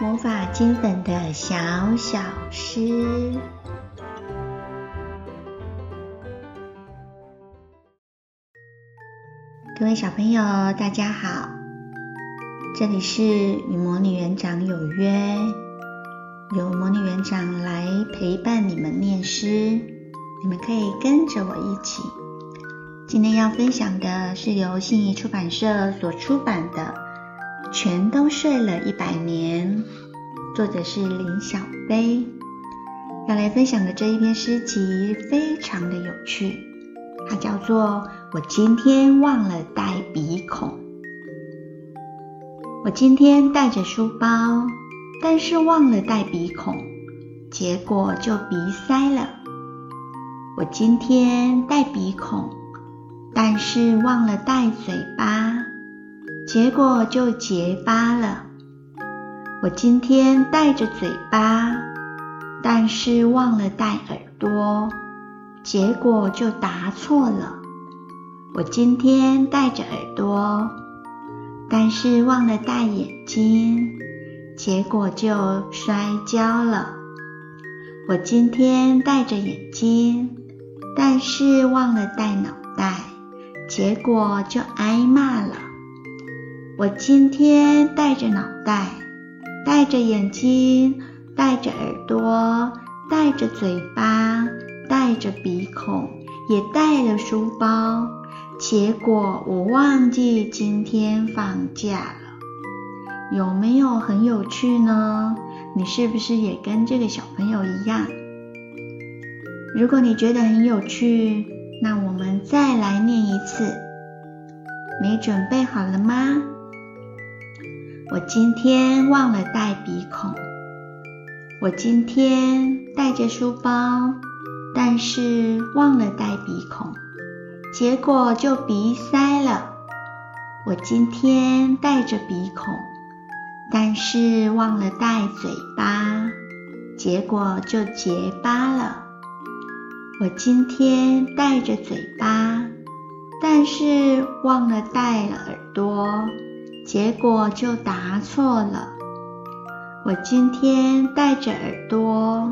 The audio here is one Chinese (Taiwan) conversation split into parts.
魔法金粉的小小詩，各位小朋友大家好，這裡是與魔女園長有約，由魔女園長來陪伴你們念詩，你們可以跟着我一起。今天要分享的是由信誼出版社所出版的。全都睡了一百年。作者是林小杯，要來分享的這一篇詩集非常的有趣，它叫做《我今天忘了帶鼻孔》。我今天帶着書包，但是忘了帶鼻孔，結果就鼻塞了。我今天帶鼻孔，但是忘了帶嘴巴。結果就結巴了。我今天戴着嘴巴，但是忘了戴耳朵，結果就答錯了。我今天戴着耳朵，但是忘了戴眼睛，結果就摔跤了。我今天戴着眼睛，但是忘了戴腦袋，結果就挨罵了。我今天帶着腦袋，帶着眼睛，帶着耳朵，帶着嘴巴，帶着鼻孔，也帶了書包。結果我忘記今天放假了，有沒有很有趣呢？你是不是也跟這個小朋友一樣？如果你覺得很有趣，那我們再來念一次。你準備好了嗎？我今天忘了帶鼻孔。我今天帶着書包，但是忘了帶鼻孔，結果就鼻塞了。我今天帶着鼻孔，但是忘了帶嘴巴，結果就結巴了。我今天帶着嘴巴，但是忘了帶耳朵。結果就答錯了。我今天帶著耳朵，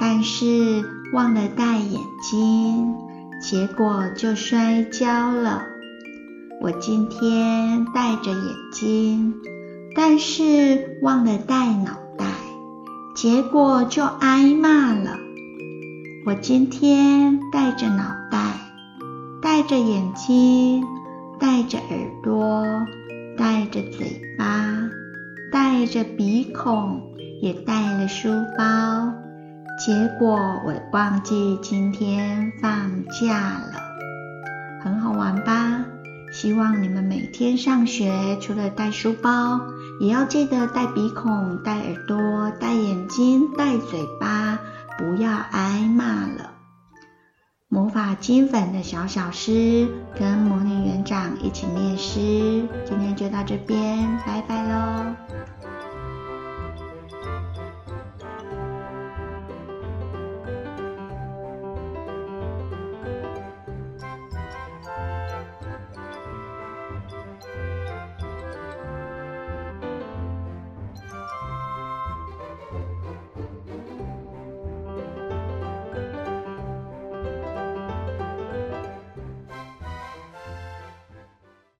但是忘了帶眼睛，結果就摔跤了。我今天帶著眼睛，但是忘了帶腦袋，結果就挨罵了。我今天帶著腦袋，帶著眼睛，着嘴巴，帶着鼻孔，也帶了書包，結果我忘記今天放假了，很好玩吧？希望你們每天上學除了帶書包，也要記得帶鼻孔、帶耳朵、帶眼睛、帶嘴巴，不要挨罵了。魔法金粉的小小詩，跟魔女園長一起念詩，今天就到這邊，拜拜嘍。